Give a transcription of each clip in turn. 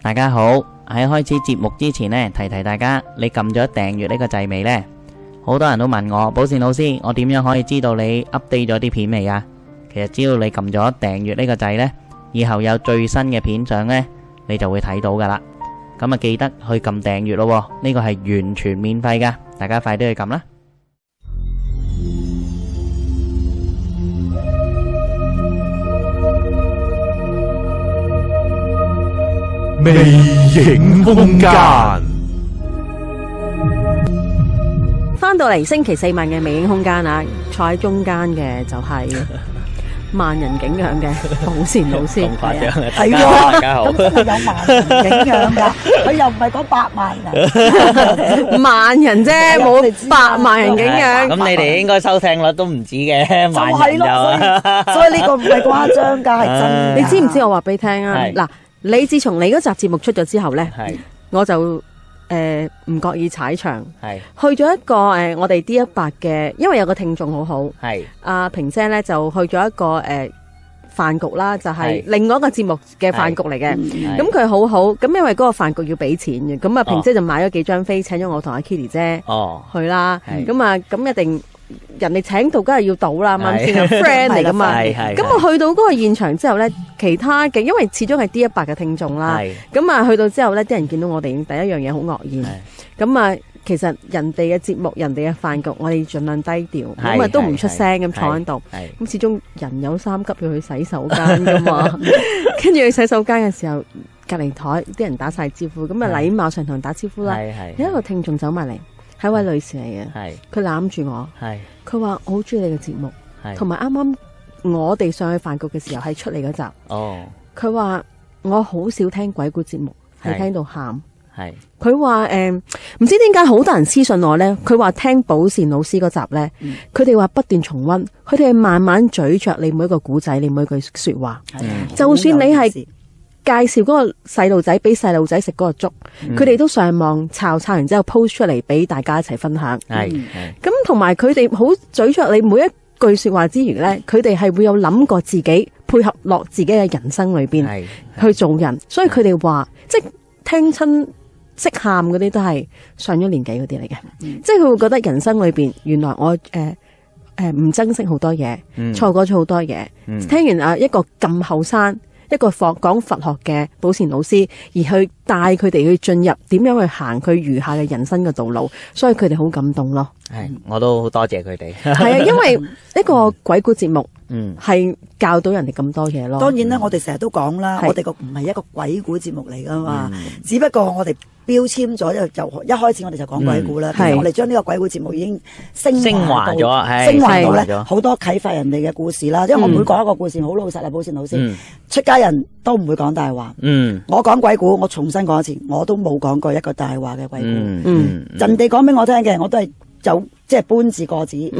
大家好，喺開始節目之前呢，提提大家，你撳咗訂閱呢個掣未呢？好多人都問我，寶善老師，我點樣可以知道你 update 咗啲片未啊？其實只要你撳咗訂閱呢個掣呢，以後有最新嘅片相呢，你就會睇到噶啦。咁啊，記得去撳訂閱咯，呢個係完全免費噶，大家快啲去撳啦。魅影空間，翻到嚟星期四晚嘅魅影空間啊！坐喺中間嘅就係萬人景仰嘅寶善老師，係啊，係啊，大家好，咁佢有萬人景仰噶，佢又唔係講百萬啊，萬人啫，冇百萬人景仰，咁你哋應該收聽率都唔止嘅，萬有，所以呢個唔係誇張噶，係真。你知唔知我話俾你聽啊？嗱。你自從你嗰集節目出咗之後呢，我就誒唔覺意踩場，去咗一個誒、呃、我哋 D 一百嘅，因為有個聽眾好好，阿、啊、平姐呢就去咗一個誒飯、呃、局啦，就係、是、另外一個節目嘅飯局嚟嘅，咁佢好好，咁因為嗰個飯局要俾錢嘅，咁啊平姐就買咗幾張飛、哦，請咗我同阿 Kitty 姐去啦，咁啊咁一定。人哋請到要倒，梗係要到啦，啱先 friend 嚟噶嘛。咁我去到嗰個現場之後咧，其他嘅因為始終係 D 一百嘅聽眾啦。咁啊，去到之後咧，啲人見到我哋，第一樣嘢好愕然。咁啊，其實人哋嘅節目、人哋嘅飯局，我哋盡量低調，咁啊都唔出聲咁坐喺度。咁始終人有三急，要去洗手間噶嘛。跟 住去洗手間嘅時候，隔離台啲人打晒招呼，咁啊禮貌上同人打招呼啦。有一個聽眾走埋嚟。係一位女士嚟嘅，佢攬住我，佢話我好中意你嘅節目，同埋啱啱我哋上去飯局嘅時候係出嚟嗰集。哦，佢話我好少聽鬼故節目，係聽到喊。係佢話誒，唔、嗯、知點解好多人私信我咧，佢、嗯、話聽寶善老師嗰集咧，佢哋話不斷重溫，佢哋係慢慢咀嚼你每一個故仔，你每一句說話、嗯，就算你係。嗯嗯嗯嗯介紹嗰個細路仔俾細路仔食嗰個粥，佢、嗯、哋都上網抄，抄完之後 po 出嚟俾大家一齊分享、嗯。係，咁同埋佢哋好咀嚼你每一句說話之餘呢，佢哋係會有諗過自己配合落自己嘅人生裏邊去做人，所以佢哋話即係聽親即喊嗰啲都係上咗年紀嗰啲嚟嘅，即係佢會、嗯、會覺得人生裏邊原來我誒誒唔珍惜好多嘢，錯過咗好多嘢。嗯、聽完啊一個咁後生。一個佛講佛學嘅寶善老師，而去帶佢哋去進入點樣去行佢餘下嘅人生嘅道路，所以佢哋好感動咯。係、嗯，我都好多謝佢哋。係 啊，因為一個鬼故節目是，嗯，係教到人哋咁多嘢咯。當然啦，我哋成日都講啦，我哋個唔係一個鬼故節目嚟㗎嘛，只不過我哋。標籤咗，因就一開始我哋就講鬼故啦。嗯、其實我哋將呢個鬼故節目已經升升華咗，升華咗好多啟發人哋嘅故事啦、嗯。因為我每講一個故事，好老實啊，寶善老師、嗯，出家人都唔會講大話。我講鬼故，我重新講一次，我都冇講過一個大話嘅鬼故。嗯嗯、人哋講俾我聽嘅，我都係走。即係搬字個字，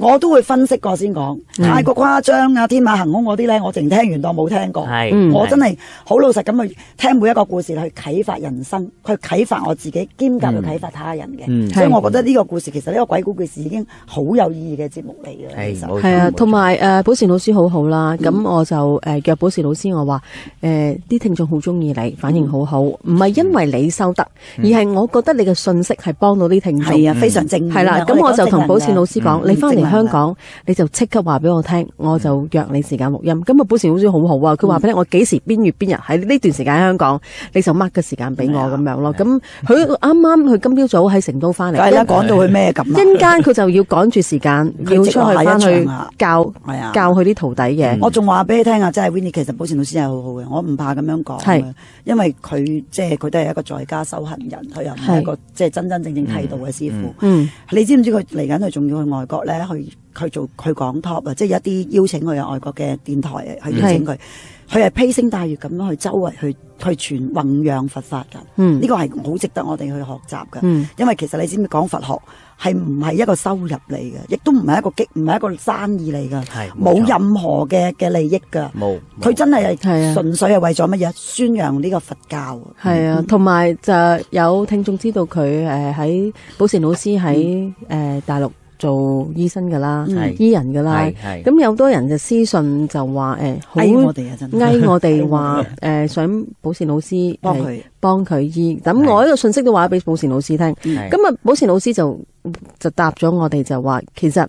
我都會分析過先講。太過誇張啊！天馬行空嗰啲呢，我淨聽完當冇聽過。嗯、我真係好老實咁去聽每一個故事去啟發人生，去啟發我自己，兼夾去啟發他人嘅、嗯嗯。所以我覺得呢個故事、嗯、其實呢個鬼故故事已經好有意義嘅節目嚟嘅。係、嗯嗯嗯嗯、啊，同埋誒寶善老師好好啦。咁我就誒叫寶善老師，我話誒啲聽眾好中意你，反應好好，唔、嗯、係因為你收得，嗯、而係我覺得你嘅信息係幫到啲聽眾、啊嗯，非常正義。係啦、啊，我就同寶善老師講、嗯：你翻嚟香港你就即刻話俾我聽，我就約你時間錄音。咁、嗯、啊，寶善老師好好啊，佢話俾你我幾時邊、嗯、月邊日喺呢段時間喺香港，嗯、你就 mark 個時間俾我咁、嗯、樣咯。咁佢啱啱佢今朝早喺成都翻嚟，而家講到佢咩咁，一間佢就要趕住時間 要出去翻去教，啊、教佢啲徒弟嘅。我仲話俾你聽啊，即係 Winnie，其實寶善老師係好好嘅，我唔怕咁樣講，因為佢即係佢都係一個在家修行人，佢又唔係一個即係真真正正剃度嘅師傅。你知唔知嚟緊佢仲要去外國咧，去去做佢講 talk 啊，即係一啲邀請佢去外國嘅電台、嗯、去邀請佢，佢係披星戴月咁樣去周圍去去傳弘揚佛法噶、呢、嗯呢個係好值得我哋去學習噶、嗯，因為其實你知唔知講佛學？係唔係一個收入嚟嘅，亦都唔係一個激，唔係一個生意嚟嘅，冇任何嘅嘅利益噶，冇。佢真係純粹係為咗乜嘢宣揚呢個佛教？係啊，同、嗯、埋就有聽眾知道佢誒喺寶善老師喺誒大陸做醫生噶啦，醫、嗯、人噶啦，係。咁有多人就私信就話誒，好，我哋啊真的，我哋話誒想寶善老師幫佢幫佢醫，咁我呢個信息都話咗俾寶善老師聽，咁、嗯、啊寶善老師就。就答咗我哋就話，其實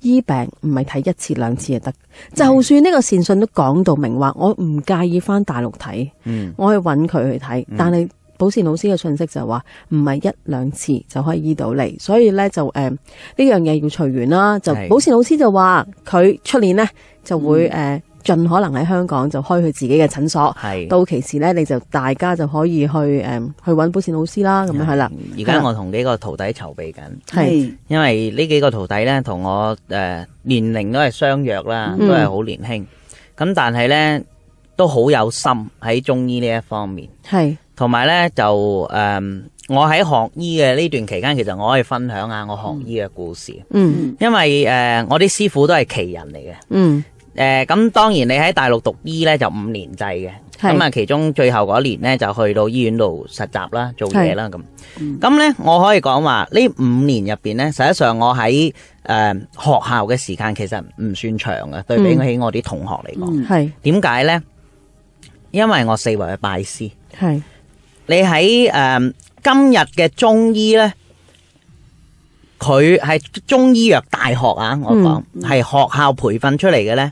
醫病唔係睇一次兩次就得，就算呢個善信都講到明話，我唔介意翻大陸睇、嗯，我去揾佢去睇、嗯，但係寶善老師嘅信息就話、是，唔係一兩次就可以醫到你，所以呢就誒呢、呃、樣嘢要隨緣啦。就寶善老師就話，佢出年呢就會誒。嗯呃盡可能喺香港就開佢自己嘅診所，係到期時咧，你就大家就可以去誒，去揾寶善老師啦，咁樣係啦。而家我同幾個徒弟籌備緊，係因為呢幾個徒弟咧同、嗯、我誒、呃、年齡都係相若啦，都係好年輕，咁、嗯、但係咧都好有心喺中醫呢一方面，係同埋咧就誒、呃、我喺學醫嘅呢段期間，其實我可以分享下我學醫嘅故事，嗯，因為誒、呃、我啲師傅都係奇人嚟嘅，嗯。誒，咁當然你喺大陸讀醫呢，就五年制嘅，咁啊其中最後嗰年呢，就去到醫院度實習啦，做嘢啦咁。咁呢、嗯、我可以講話呢五年入邊呢，實際上我喺誒、呃、學校嘅時間其實唔算長嘅、嗯，對比起我啲同學嚟講。係點解呢？因為我四圍去拜師。係你喺誒、呃、今日嘅中醫呢，佢係中醫藥大學啊，我講係、嗯、學校培訓出嚟嘅呢。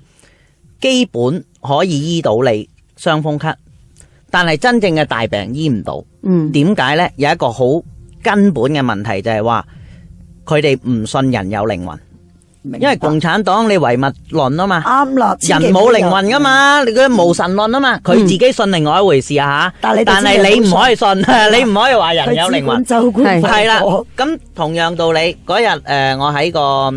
基本可以醫到你傷風咳，但係真正嘅大病醫唔到。嗯，點解呢？有一個好根本嘅問題就係話，佢哋唔信人有靈魂，因為共產黨你唯物論啊嘛，啱啦。人冇靈魂噶嘛，你嘅無神論啊嘛，佢自己信另外一回事啊吓。但係你唔可以信，你唔可以話人有靈魂。係係啦，咁同樣道理，嗰日誒，我喺個。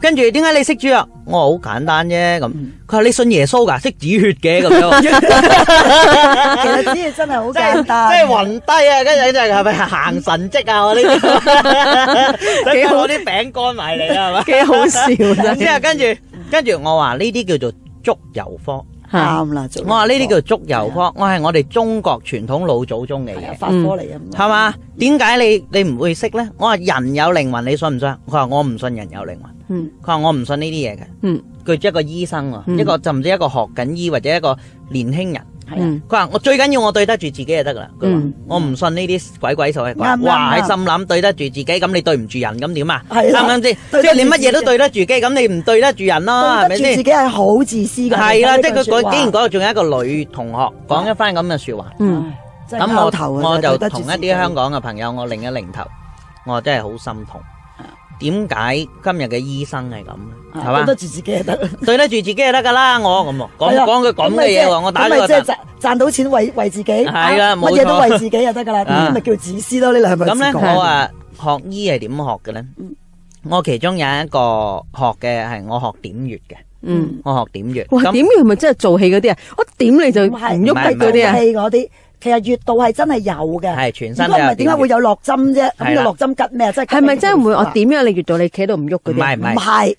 跟住點解你識煮啊？我話好簡單啫咁。佢話你信耶穌噶，識止血嘅咁樣。其實止血真係好簡單，即係暈低啊！跟住就係咪行神蹟啊？我呢啲幾好啲餅乾埋嚟啊？嘛幾好笑真係。之後跟住跟住我話呢啲叫做足油科啱啦。我話呢啲叫做足油科，我係我哋中國傳統老祖宗嚟嘅，發科嚟啊嘛。係嘛？點解你你唔會識咧？我話人有靈魂，你信唔信？佢話我唔信人有靈魂。佢話我唔信呢啲嘢嘅，嗯，佢一個醫生喎、啊嗯，一個就唔知一個學緊醫或者一個年輕人，係啊，佢話我最緊要我對得住自己就得噶啦，嗯，我唔信呢啲鬼，鬼鬼祟祟，啱、嗯，嗯，哇喺心諗對得住自己，咁你對唔住人咁點啊？係，啱唔啱先？即係你乜嘢都對得住自己，咁你唔對得住人咯，啊，係咪先？自己係好自私噶，係啦，即係佢竟然講到仲有一個女同學講一番咁嘅、嗯、說，說話，嗯、咁，就，我，是，我就同一啲香港嘅朋友，我擰一擰頭，我真係好心痛。點解今日嘅醫生係咁？啊、是吧得得 對得住自己就得，對得住自己就得噶啦。我咁講講佢咁嘅嘢？我打呢個，即係賺賺到錢為為自己係啦，乜嘢、啊、都為自己就得噶啦。咁、啊、咪、嗯、叫自私咯？嗯、呢兩樣咁咧，我啊學醫係點學嘅咧？我其中有一個學嘅係我學點穴嘅，嗯，我學點穴。哇，點穴係咪即係做戲嗰啲啊？我點你就唔喐骨嗰啲啊。其實穴道係真係有嘅，係全身啊，點解會有落針啫？咁個落針吉咩？即係係咪真唔會？我點樣你穴道你企到唔喐嘅？唔係唔係，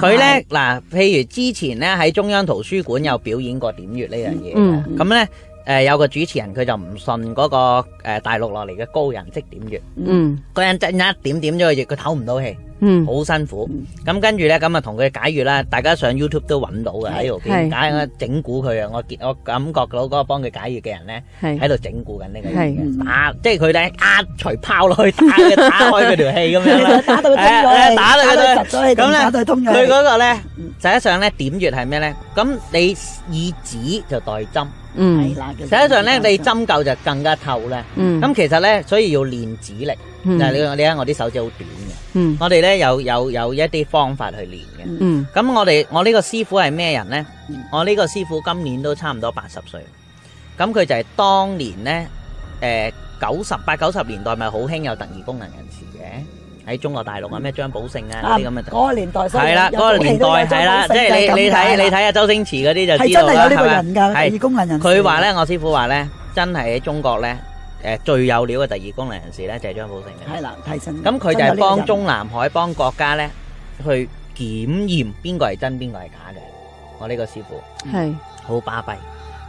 佢咧嗱，譬如之前咧喺中央圖書館有表演過點穴，嗯嗯，呢樣嘢咁咧，誒有個主持人佢就唔信嗰個誒大陸落嚟嘅高人即點穴，嗯，嗰人真一點點咗個穴，佢唞唔到氣。嗯，好辛苦，咁、嗯、跟住咧，咁啊同佢解穴啦，大家上 YouTube 都揾到嘅喺度，解整蠱佢啊！我我感覺到嗰個幫佢解穴嘅人咧，喺度整蠱緊呢個，打即係佢咧一錘拋落去打佢，打開佢條氣咁樣，打到佢通咗，打到佢通咗，咁咧佢嗰個咧，實際上咧點穴係咩咧？咁你以指就代針。嗯，係啦。實際上咧，你針灸就更加透咧。咁、嗯、其實咧，所以要練指力。嗯就係、你你睇我啲手指好短嘅。嗯，我哋咧有有有一啲方法去練嘅。嗯，咁我哋我呢個師傅係咩人咧、嗯？我呢個師傅今年都差唔多八十歲。咁佢就係當年咧，誒九十八九十年代咪好興有特異功能人士嘅。喺中國大陸啊，咩張寶勝啊啲咁嘅，嗰個年代，係啦，嗰個年代，係啦，即係你你睇你睇下周星馳嗰啲就知道就係真係呢個人㗎，第二功能人。佢話咧，我師傅話咧，真係喺中國咧，誒最有料嘅第二功能人士咧就係張寶勝嘅。係啦，睇真。咁佢就係幫中南海幫國家咧去檢驗邊個係真邊個係假嘅，我呢個師傅係好巴閉。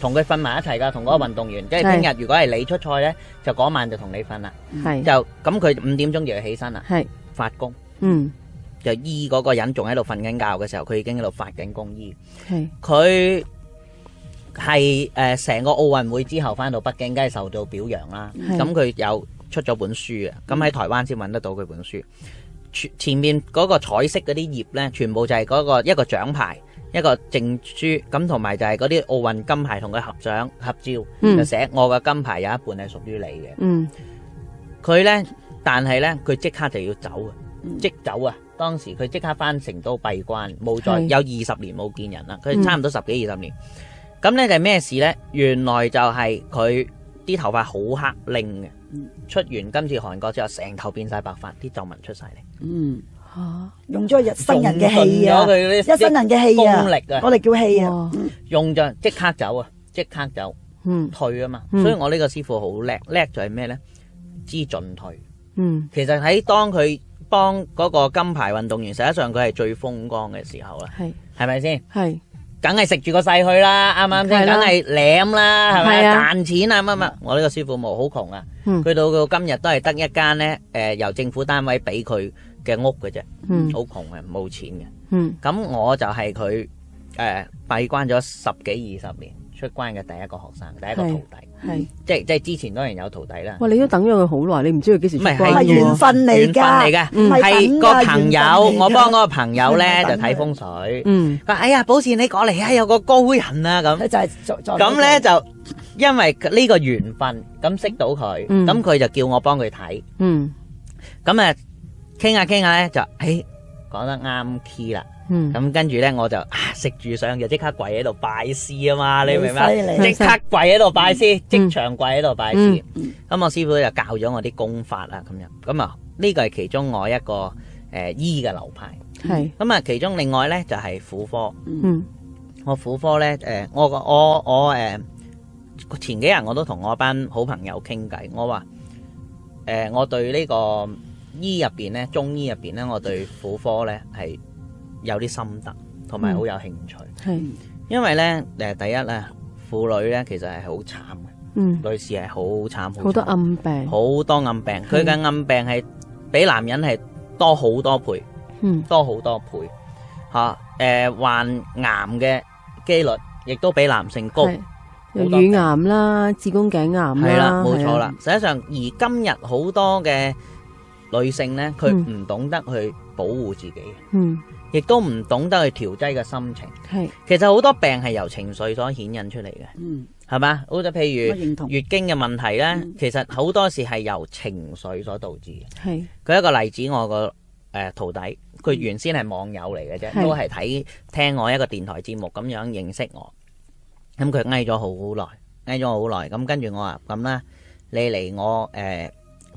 同佢瞓埋一齊噶，同嗰個運動員，嗯、即係聽日如果係你出賽呢，就嗰晚就同你瞓啦。係，就咁佢五點鐘就要起身啦。係，發功。嗯，就醫嗰個人仲喺度瞓緊覺嘅時候，佢已經喺度發緊功醫。係，佢係誒，成、呃、個奧運會之後翻到北京，梗係受到表揚啦。咁佢又出咗本書嘅，咁喺台灣先搵得到佢本書。前前面嗰個彩色嗰啲頁呢，全部就係嗰個一個獎牌。一個證書咁，同埋就係嗰啲奧運金牌同佢合掌合照，就寫，嗯、我嘅金牌有一半係屬於你嘅。嗯，佢呢，但係呢，佢即刻就要走啊，嗯，即走啊！當時佢即刻翻成都閉關，冇再有二十年冇見人啦。佢差唔多十幾二十年。咁，嗯、呢，就係咩事呢？原來就係佢啲頭髮好黑亮嘅，嗯，出完今次韓國之後，成頭變晒白髮，啲皺紋出晒嚟。嗯。哦，用咗一生人嘅氣啊，一生人嘅氣啊，功力啊，我哋叫氣啊，用咗即刻走啊，即刻走，嗯，退啊嘛，所以我呢個師傅好叻，叻就係咩咧？知進退，嗯，其實喺當佢幫嗰個金牌運動員，實際上佢係最風光嘅時候啦，係，係咪先？係，梗係食住個勢去啦，啱唔啱先？梗係舐啦，係咪啊？賺錢啊，乜乜，我呢個師傅冇好窮啊，去到今日都係得一間咧，誒，由政府單位俾佢。嘅屋嘅啫，嗯，好窮係，冇錢嘅，嗯，咁我就係佢誒閉關咗十幾二十年出關嘅第一個學生，第一個徒弟，係，即係即係之前當然有徒弟啦。哇，你都等咗佢好耐，你唔知佢幾時唔係，係緣分嚟噶，緣分嚟噶，唔係個朋友，我幫個朋友咧就睇風水，嗯，佢哎呀，寶善你過嚟啊，有個高人啊咁，就係再再咁咧就因為呢個緣分咁識到佢，咁佢就叫我幫佢睇，嗯，咁誒。傾下傾下咧就誒講、哎、得啱 key 啦，咁跟住咧我就食、啊、住上就即刻跪喺度拜師啊嘛，你明唔明？即刻跪喺度拜師，即、嗯、場跪喺度拜師。咁、嗯嗯、我師傅就教咗我啲功法啦咁樣咁啊呢個係其中我一個誒、呃、醫嘅流派。係咁啊，其中另外咧就係、是、婦科。我婦科咧誒，我個呢、呃、我我誒、呃，前幾日我都同我班好朋友傾偈，我話誒、呃、我對呢、這個。醫入邊咧，中醫入邊咧，我對婦科咧係有啲心得，同埋好有興趣。係因為咧，誒第一咧，婦女咧其實係好慘嘅，嗯，女士係好慘，好多暗病，好多暗病。佢嘅暗病係比男人係多好多倍，多好多倍嚇。誒，患癌嘅機率亦都比男性高，有乳癌啦、子宮頸癌係啦，冇錯啦。實際上，而今日好多嘅。女性咧，佢唔懂得去保護自己，嗯，亦都唔懂得去調低嘅心情，係。其實好多病係由情緒所顯現出嚟嘅，嗯，係嘛？好，就譬如月經嘅問題咧，其實好多時係由情緒所導致嘅，係。舉一個例子，我個誒徒弟，佢原先係網友嚟嘅啫，都係睇聽我一個電台節目咁樣認識我。咁佢翳咗好耐，翳咗好耐。咁跟住我話咁呢，你嚟我誒。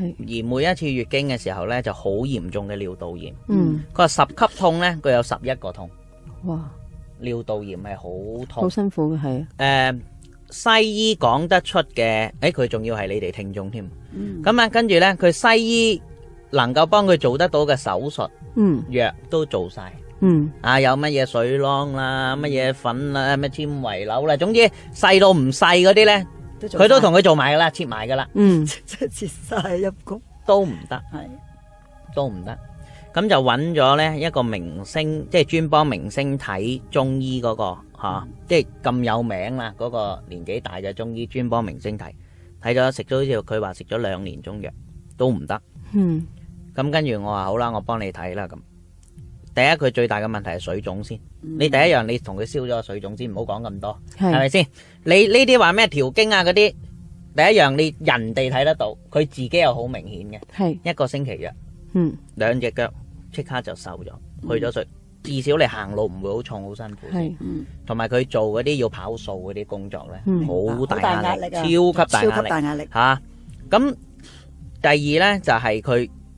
而每一次月經嘅時候呢，就好嚴重嘅尿道炎。嗯，佢話十級痛呢，佢有十一個痛。哇！尿道炎係好痛，好辛苦嘅係啊。誒，西醫講得出嘅，誒，佢仲要係你哋聽眾添。嗯。咁啊，跟住呢，佢西醫能夠幫佢做得到嘅手術，嗯，藥都做晒。嗯。啊，有乜嘢水囊啦，乜嘢粉啦，乜纖維瘤啦，總之細到唔細嗰啲呢。佢都同佢做埋噶啦，切埋噶啦，嗯，即係切晒入局都唔得，係都唔得，咁就揾咗呢一個明星，即係專幫明星睇中醫嗰個吓，即係咁有名啦，嗰個年紀大嘅中醫專幫明星睇，睇咗食咗好似佢話食咗兩年中藥都唔得，嗯，咁跟住我話好啦，我幫你睇啦咁。第一，佢最大嘅問題係水腫先、嗯。你第一樣，你同佢消咗個水腫先，唔好講咁多，係咪先？你呢啲話咩調經啊嗰啲，第一樣你人哋睇得到，佢自己又好明顯嘅。係一個星期藥，嗯，兩隻腳即刻就瘦咗，去咗水、嗯，至少你行路唔會好重好辛苦。同埋佢做嗰啲要跑數嗰啲工作咧，好、嗯、大，大壓力，超級大壓力，超級大壓力嚇咁、啊、第二呢，就係、是、佢。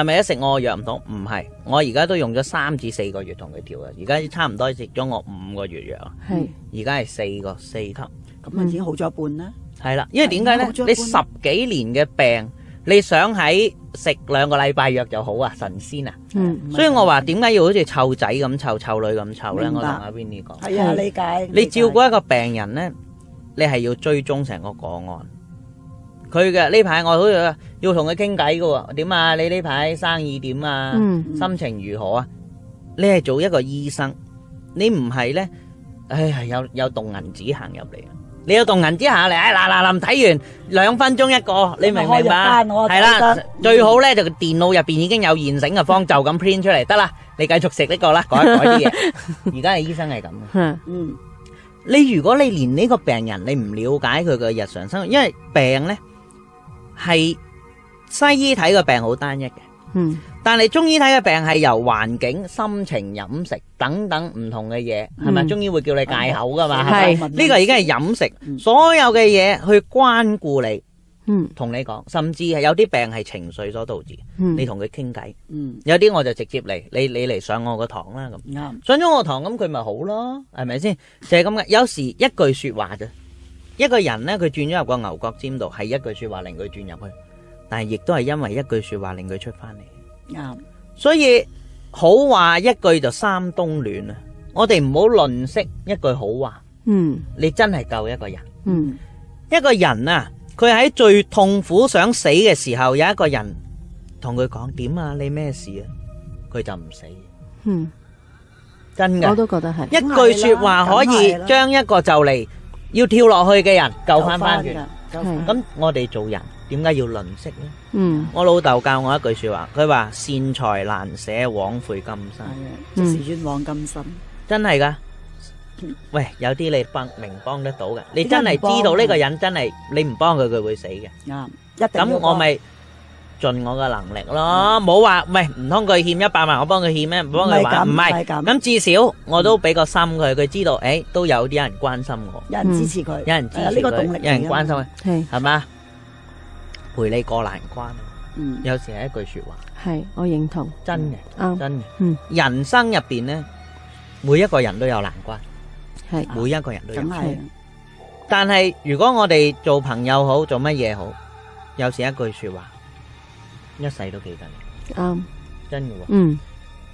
係咪一食我的藥唔到？唔係，我而家都用咗三至四個月同佢調啦。而家差唔多食咗我五個月的藥係，而家係四個四級。咁、嗯、啊，已經好咗一半啦。係啦，因為點解咧？你十幾年嘅病，你想喺食兩個禮拜藥就好啊？神仙啊！嗯，所以我話點解要好似湊仔咁湊、湊女咁湊咧？我同阿 Vinnie 講。係、哎、啊，理解。你照顧一個病人咧，你係要追蹤成個個案。佢嘅呢排我好要同佢傾偈嘅喎，點啊？你呢排生意點啊，嗯？心情如何啊？你係做一個醫生，你唔係呢，唉，有有動銀紙行入嚟，你有動銀紙行入嚟，唉嗱嗱臨睇完兩分鐘一個，你明唔明白？係啦，最好呢，嗯，就電腦入邊已經有現成嘅方，就咁 print 出嚟得啦。你繼續食呢個啦，改改啲嘢。而家係醫生係咁，嗯，你改一改一， 嗯，如果你連呢個病人你唔了解佢嘅日常生活，因為病呢。係西醫睇個病好單一嘅，嗯，但係中醫睇嘅病係由環境、心情、飲食等等唔同嘅嘢，係咪？中醫會叫你戒口噶嘛？係咪？呢個已經係飲食所有嘅嘢，去關顧你，嗯，同你講，甚至係有啲病係情緒所導致，嗯，你同佢傾偈，嗯，有啲我就直接嚟，你你嚟上我個堂啦咁，啱，上咗我堂咁佢咪好咯，係咪先？就係咁嘅，有時一句說話啫。一個人呢，佢轉咗入個牛角尖度，係一句說話令佢轉入去，但係亦都係因為一句說話令佢出翻嚟。啱，所以好話一句就三冬暖啊！我哋唔好吝嗇一句好話。嗯，你真係救一個人。嗯，一個人啊，佢喺最痛苦想死嘅時候，有一個人同佢講點啊？你咩事啊？佢就唔死。嗯，真嘅。我都覺得係一句說話可以將一個就嚟。要跳落去嘅人救翻翻轉，咁我哋做人點解要吝嗇呢？嗯，我老豆教我一句說話，佢話善財難捨，枉費今生。」「即是冤枉今生，真係㗎、嗯。喂，有啲你不明幫得到嘅，你真係知道呢個人真係你唔幫佢佢會死嘅，咁、嗯、我咪。盡我嘅能力咯、嗯說，冇話唔係唔通佢欠一百萬，我幫佢欠咩？唔幫佢還，唔係咁。咁至少我都畀個心佢，佢、嗯、知道誒，都有啲人關心我，嗯、有人支持佢，有、嗯、人支持佢，這個、動力有人關心佢，係係嘛，陪你過難關。嗯、有時係一句說話，係我認同，真嘅，嗯、真嘅，嗯真嗯、人生入邊咧，每一個人都有難關，係每一個人都有、啊是。但係如果我哋做朋友好，做乜嘢好，有時一句說話。一世都記得你，啱，真嘅喎。嗯，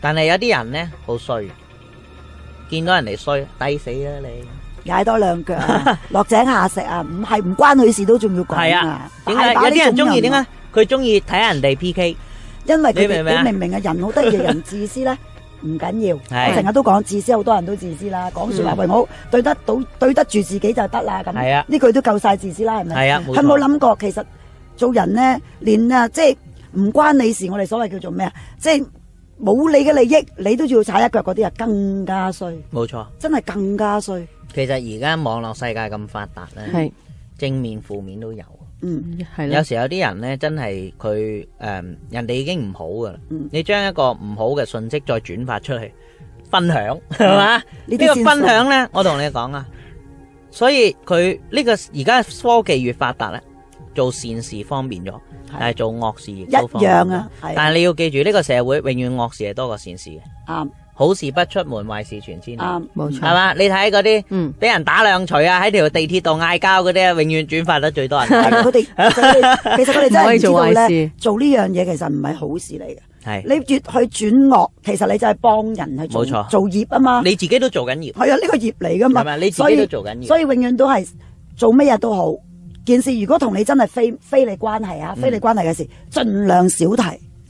但係有啲人咧好衰，見到人哋衰，抵死啊你，踩多兩腳，落井下石啊！唔係唔關佢事都仲要講。係啊。點解有啲人中意點啊？佢中意睇人哋 P K，因為佢哋你明唔明啊？人好得意，人自私咧，唔緊要。我成日都講，自私好多人都自私啦。講説話為好，對得到對得住自己就係得啦。咁，係啊，呢句都夠曬自私啦，係咪？係啊。佢冇諗過，其實做人咧，連啊，即係。唔關你事，我哋所謂叫做咩啊？即係冇你嘅利益，你都仲要踩一腳嗰啲啊，更加衰。冇錯，真係更加衰。其實而家網絡世界咁發達咧，正面負面都有。嗯，係。有時有啲人咧，真係佢誒，人哋已經唔好噶啦，嗯，你將一個唔好嘅信息再轉發出去分享，係嘛？呢，呢個分享咧，我同你講啊， 所以佢呢個而家科技越發達咧。做善事方便咗，係做惡事亦都方便。一樣啊，但係你要記住呢、這個社會永遠惡事係多過善事嘅。啱，好事不出門，壞事傳千里。啱，冇錯。係嘛？你睇嗰啲，嗯，俾人打兩鎚啊，喺、嗯、條地鐵度嗌交嗰啲永遠轉發得最多人。佢哋， 其實佢哋真係做壞事。做呢樣嘢其實唔係好事嚟嘅。係，你越去轉惡，其實你就係幫人去做，冇錯，做業啊嘛。你自己都做緊業。係啊，呢、這個業嚟噶嘛。係咪？你自己都做緊業。所以，所以永遠都係做乜嘢都好。件事如果同你真係非非你關係啊，非你關係嘅事、嗯，盡量少提。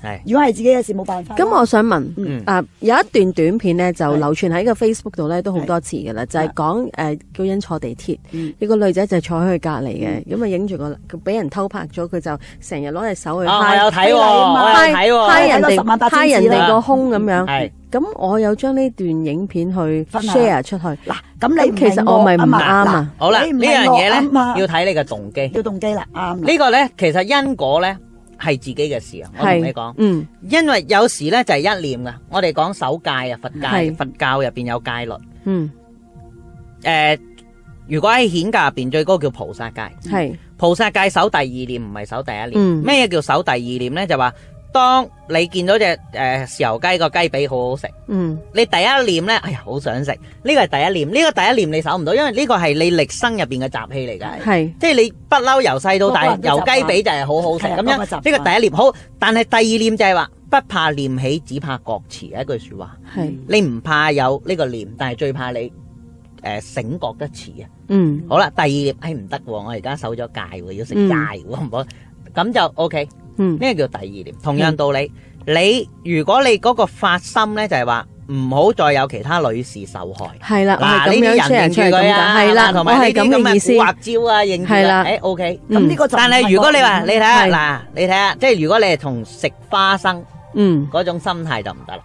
係，如果係自己嘅事，冇辦法。咁、嗯、我想問，嗯、啊有一段短片咧就流傳喺個 Facebook 度咧都好多次噶啦，就係講誒叫人坐地鐵，呢、嗯呢個女仔就坐喺佢隔離嘅，咁啊影住個俾人偷拍咗，佢就成日攞隻手去揩、哦啊啊啊、人哋，揩個胸咁、啊、樣。嗯咁我有將呢段影片去 share 出去嗱，咁、啊、你其實我咪唔啱啊？好、啊、啦，樣呢樣嘢咧要睇你嘅動機，要動機啦，啱、啊。這個、呢個咧其實因果咧係自己嘅事啊，我同你講，嗯，因為有時咧就係一念噶，我哋講守戒啊，佛戒，佛教入邊有戒律，嗯，誒、呃，如果喺顯教入邊最高叫菩薩戒，係、嗯、菩薩戒守第二念唔係守第一念，咩、嗯、叫守第二念咧？就話。當你見到隻誒、呃、豉油雞個雞髀好好食，嗯，你第一念咧，哎呀，好想食，呢個係第一念，呢、這個第一念你守唔到，因為呢個係你歷生入邊嘅習氣嚟嘅，係，即係你不嬲由細到大，由雞髀就係好好食，咁樣呢、這個第一念好，但係第二念就係話不怕念起，只怕覺遲，一句說話，係、嗯，你唔怕有呢個念，但係最怕你誒、呃、醒覺得遲啊，嗯，好啦，第二念哎唔得，我而家守咗戒，要食齋，唔、嗯、好、嗯，咁就 OK。嗯，呢個叫第二點，同樣道理，嗯、你如果你嗰個發心咧，就係話唔好再有其他女士受害，係啦，嗱呢啲人認住佢啊，係啦，同埋你咁咁嘅蠱惑招啊，認住啦，誒、哎、OK，咁呢個就係，但係如果你話你睇下嗱，你睇下，即係如果你係同食花生，嗯，嗰種心態就唔得啦。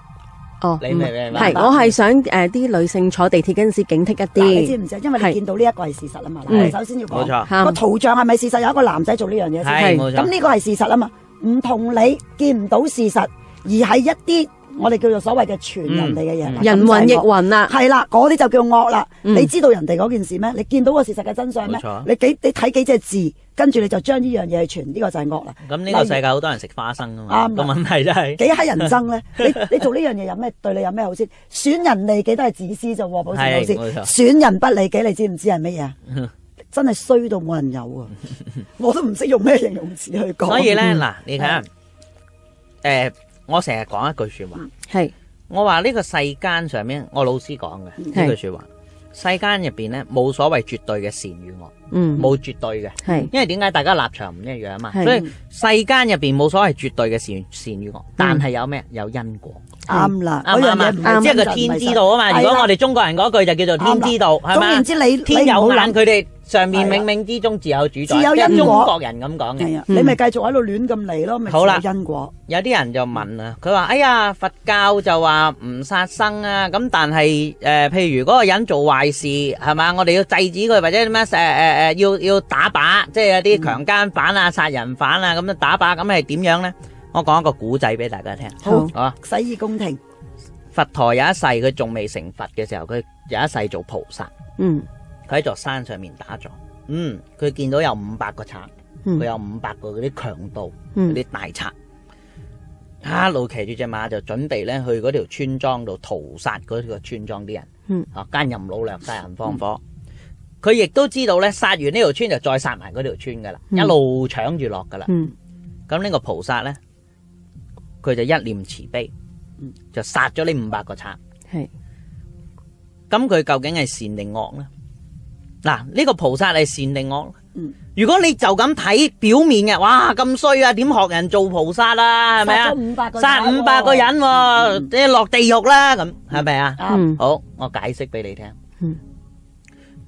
哦、oh，你明明白，係我係想誒，啲、呃呃、女性坐地鐵嗰陣時警惕一啲、啊，你知唔知？因為你見到呢一個係事實啊嘛，係首先要講，個圖像係咪事實有一個男仔做呢樣嘢先？咁呢個係事實啊嘛，唔同你見唔到事實，而係一啲。我哋叫做所謂嘅傳人哋嘅嘢，人云亦云啦，係啦，嗰、嗯、啲就叫惡啦、嗯。你知道人哋嗰件事咩？你見到個事實嘅真相咩？你幾你睇幾隻字，跟住你就將呢樣嘢去傳，呢、這個就係惡啦。咁呢個世界好多人食花生噶嘛，個問題就係幾乞人憎咧。你你做呢樣嘢有咩對你有咩好先？損人利己都係自私啫喎，寶善老師。損人不利己，你知唔知係乜嘢？知知 真係衰到冇人有啊！我都唔識用咩形容詞去講。所以咧嗱，你睇誒。嗯欸我成日講一句說話，係我話呢個世間上面，我老師講嘅呢句說話，世間入邊咧冇所謂絕對嘅善與惡。嗯，冇絕對嘅，係，因為點解大家立場唔一樣啊嘛，所以世間入邊冇所謂絕對嘅善善與惡，但係有咩？有因果，啱啦，啱嘅，即係個天之道啊嘛。如果我哋中國人嗰句就叫做天之道，係嘛？知你天有眼，佢哋上面冥冥之中自有主宰，自有因果。中國人咁講嘅，你咪繼續喺度亂咁嚟咯，咪好啦。因果，有啲人就問啦，佢話：哎呀，佛教就話唔殺生啊，咁但係誒，譬如嗰個人做壞事係嘛，我哋要制止佢或者點咩？誒誒。誒、呃，要要打靶，即係有啲強姦犯啊、殺人犯啊咁樣打靶，咁係點樣呢？我講一個古仔俾大家聽。好，哦，洗耳恭聽，佛陀有一世佢仲未成佛嘅時候，佢有一世做菩薩。嗯，佢喺座山上面打坐。嗯，佢見到有五百個賊，佢、嗯、有五百個嗰啲強盜，嗰、嗯、啲大賊，一路騎住隻馬就準備咧去嗰條村莊度屠殺嗰條村莊啲人。嗯，啊姦淫擄掠、殺人放火。嗯嗯佢亦都知道咧，殺完呢條村就再殺埋嗰條村，噶啦、嗯，一路搶住落噶啦。咁、嗯、呢個菩薩咧，佢就一念慈悲，嗯、就殺咗呢五百個賊。係，咁佢究竟係善定惡呢？嗱、啊、呢、呢個菩薩係善定惡、嗯？如果你就咁睇表面嘅，哇咁衰啊，點學人做菩薩啊？係咪啊？殺五百個人、啊、即、嗯、係落地獄啦、啊，咁係咪啊？好，我解釋俾你聽。嗯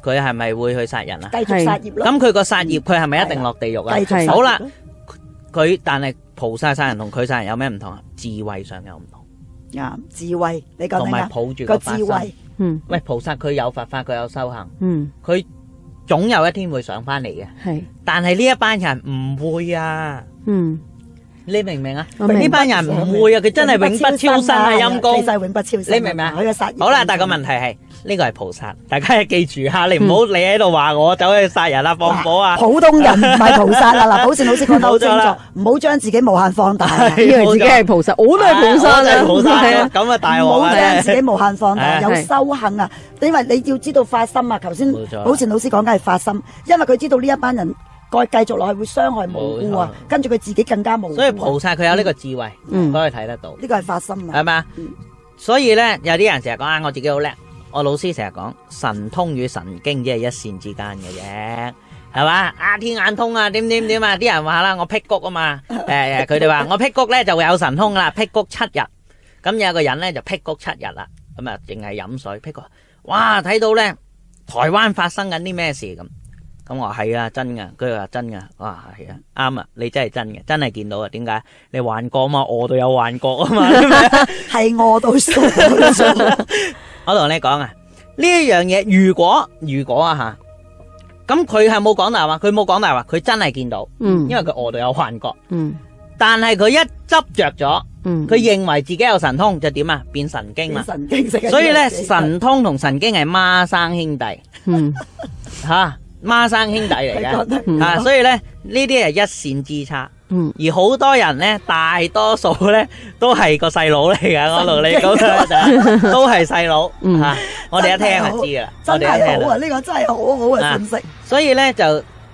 佢係咪會去殺人啊？續了他嗯、他是是啊繼續殺業，咁佢個殺業，佢係咪一定落地獄啊？好啦，佢但係菩薩殺人同佢殺人有咩唔同？ 同？智慧上有唔同。啊，智慧你講咩啊？同埋抱住個智慧，喂，菩薩佢有佛法，佢有修行，嗯，佢總有一天會上翻嚟嘅。係、嗯。但係呢一班人唔會啊。嗯。你明唔明啊？呢班人唔會啊！佢真係永不超生啊！陰、啊、功、啊、永不超生、啊啊。你明唔明、啊？佢嘅殺。好啦，但係個問題係。呢個係菩薩，大家記住吓，你唔好你喺度話我走去殺人啊、放火啊。普通人唔係菩薩啦，嗱，寶善老師講得好清楚，唔好將自己無限放大，以為自己係菩薩，我都係菩薩啦，咁啊大王，唔好將自己無限放大，有修行啊，因為、啊、你，你要知道發心啊，頭先寶善老師講緊係發心，因為佢知道呢一班人，再繼續落去會傷害無辜啊，跟住佢自己更加無辜。所以菩薩佢有呢個智慧，可、嗯、以睇得到。呢個係發心啊，係嘛、嗯？所以咧，有啲人成日講啊，我自己好叻。我老師成日講神通與神經只係一線之間嘅啫，係嘛？啊，天眼通啊，點點點啊！啲人話啦，我辟穀啊嘛，誒、 呃，佢哋話我辟穀咧就會有神通噶啦。辟穀七日，咁有一個人咧就辟穀七日啦，咁啊，淨係飲水辟穀。哇，睇到咧台灣發生緊啲咩事咁？咁我係啊，真噶，佢話真噶，哇，係啊，啱啊，你真係真嘅，真係見到啊？點解？你幻覺啊嘛？我都有幻覺啊嘛？係 我到都 我同你講啊，呢一樣嘢如果，如果啊吓，咁佢係冇講大話，佢冇講大話，佢真係見到，嗯，因為佢餓到有幻覺，嗯，但係佢一執着咗，嗯，佢認為自己有神通就點啊變神經啦，神經性，所以咧神、神通同神經係孖生兄弟，嗯，吓、啊、孖生兄弟嚟嘅。 啊，所以咧呢啲係一綫之差。嗯、而好多人咧，大多數咧都係個細佬嚟噶，我同你講都係細佬吓，我哋一聽就知噶啦，真係好啊，呢、這個真係好好嘅信息。啊、所以咧就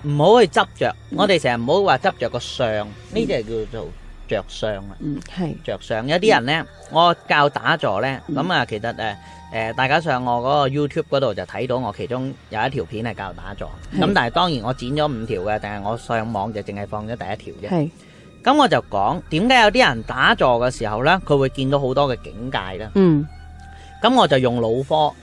唔好去執着，嗯，我哋成日唔好話執着個相，呢啲係叫做，嗯嗯着相啦，嗯係着相。有啲人呢，我教打坐呢，咁啊，其實誒誒，大家上我嗰個 YouTube 嗰度就睇到我其中有一條片係教打坐，咁但係當然我剪咗五條嘅，但係我上網就淨係放咗第一條啫。係，咁我就講，點解有啲人打坐嘅時候呢，佢會見到好多嘅境界呢？嗯，咁我就用腦科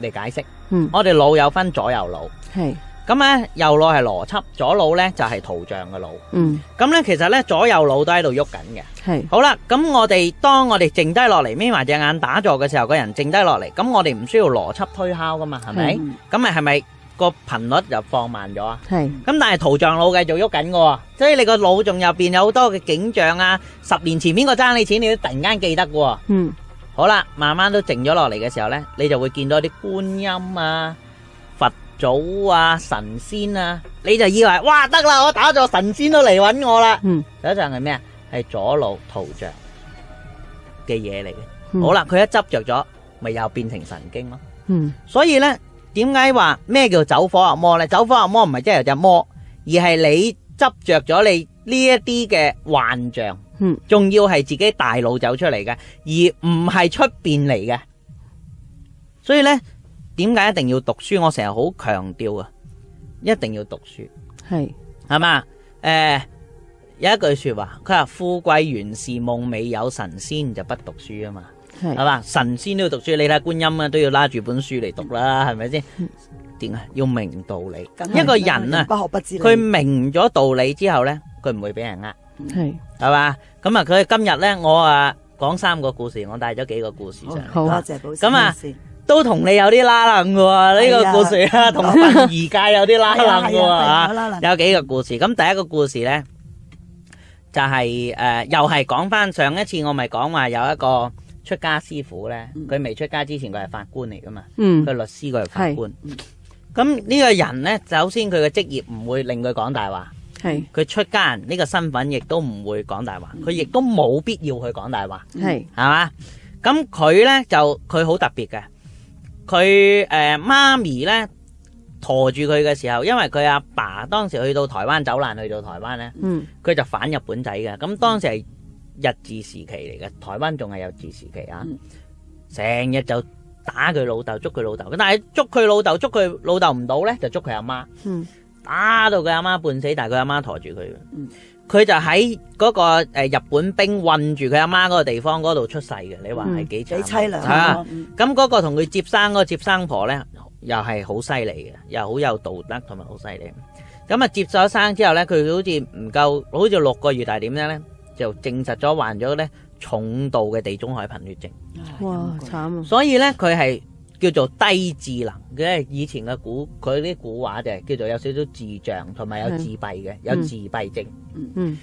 嚟解釋。嗯，我哋腦有分左右腦。係。咁咧右腦係邏輯，左腦咧就係圖像嘅腦。嗯。咁咧其實咧左右腦都喺度喐緊嘅。係。好啦，咁我哋當我哋靜低落嚟，眯埋隻眼打坐嘅時候，個人靜低落嚟，咁我哋唔需要邏輯推敲噶嘛，係咪？咁咪係咪個頻率就放慢咗啊？係。咁但係圖像腦繼續喐緊噶，所以你個腦仲入邊有好多嘅景象啊，十年前邊個爭你錢，你都突然間記得噶。嗯。好啦，慢慢都靜咗落嚟嘅時候咧，你就會見到啲觀音啊。祖啊，神仙啊，你就以為哇得啦，我打咗神仙都嚟揾我啦。嗯，第一層係咩啊？係左腦圖像嘅嘢嚟嘅。好啦，佢一執着咗，咪又變成神經咯。嗯，所以呢，點解話咩叫走火入魔呢？走火入魔唔係真係有隻魔，而係你執着咗你呢一啲嘅幻象。嗯，仲要係自己大腦走出嚟嘅，而唔係出邊嚟嘅。所以呢。點解一定要讀書？我成日好強調啊，一定要讀書，係係嘛？誒，有一句說話，佢話富貴原是夢，未有神仙就不讀書啊嘛，係嘛？神仙都要讀書，你睇觀音啊都要拉住本書嚟讀啦，係咪先？點啊？要明道理，一個人啊，不學不知。佢明咗道理之後咧，佢唔會俾人呃，係係嘛？咁啊，佢今日咧，我啊講三個故事，我帶咗幾個故事上嚟啦。好啊，多謝寶善。都同你有啲拉楞嘅喎，呢個故事啦，同而家有啲拉楞嘅吓，有幾個故事。咁第一個故事咧，就係誒，又係講翻上一次我咪講話有一個出家師傅咧，佢未出家之前佢係法官嚟噶嘛，佢律師佢係法官。咁呢個人咧，首先佢嘅職業唔會令佢講大話，係佢出家人呢個身份亦都唔會講大話，佢亦都冇必要去講大話，係係嘛？咁佢咧就佢好特別嘅。佢誒、呃、媽咪咧，陀住佢嘅時候，因為佢阿爸，爸當時去到台灣走難，去到台灣咧，佢、嗯、就反日本仔嘅。咁當時係日治時期嚟嘅，台灣仲係日治時期啊。成、嗯、日就打佢老豆，捉佢老豆。咁但係捉佢老豆，捉佢老豆唔到咧，就捉佢阿媽。嗯，打到佢阿媽，媽半死，但係佢阿媽陀住佢。嗯。佢就喺嗰個日本兵困住佢阿媽嗰個地方嗰度出世嘅，你話係幾凄淒涼啊？咁嗰個同佢接生嗰個接生婆呢，又係好犀利嘅，又好有道德同埋好犀利。咁啊，接咗生之後呢，佢好似唔夠，好似六個月大，但係點樣呢就證實咗患咗呢重度嘅地中海貧血症。哇！慘啊！所以呢，佢係。叫做低智能，嘅。以前嘅古，佢啲古話就係叫做有少少智障同埋有自閉嘅，有自閉症。嗯嗯。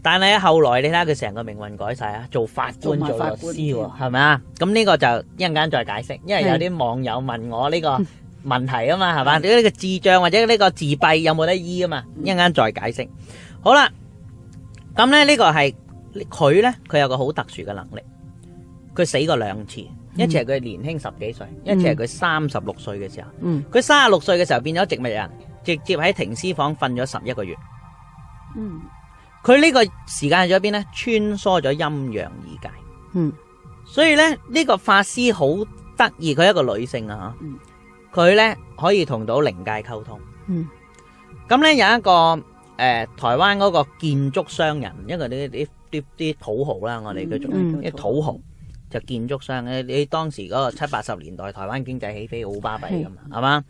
但係後來你睇下佢成個命運改晒啊，做法官做律師，係咪啊？咁呢個就一陣間再解釋，因為有啲網友問我呢個問題啊嘛，係吧？呢、這個智障或者呢個自閉有冇得醫啊嘛？一陣間再解釋。好啦，咁咧呢、這個係佢咧，佢有一個好特殊嘅能力，佢死過兩次。一次係佢年輕十幾歲，嗯，一次係佢三十六歲嘅時候，佢三十六歲嘅時候變咗植物人，直接喺停屍房瞓咗十一個月。嗯，佢呢個時間去咗邊咧？穿梭咗陰陽二界。嗯，所以咧呢、這個法師好得意，佢一個女性啊吓，佢、嗯、咧可以同到靈界溝通。嗯，咁咧有一個誒、呃、台灣嗰個建築商人，一個啲啲啲土豪啦，我哋叫做土豪。就建築商咧，你當時嗰個七八十年代，台灣經濟起飛好巴閉噶嘛，係嘛？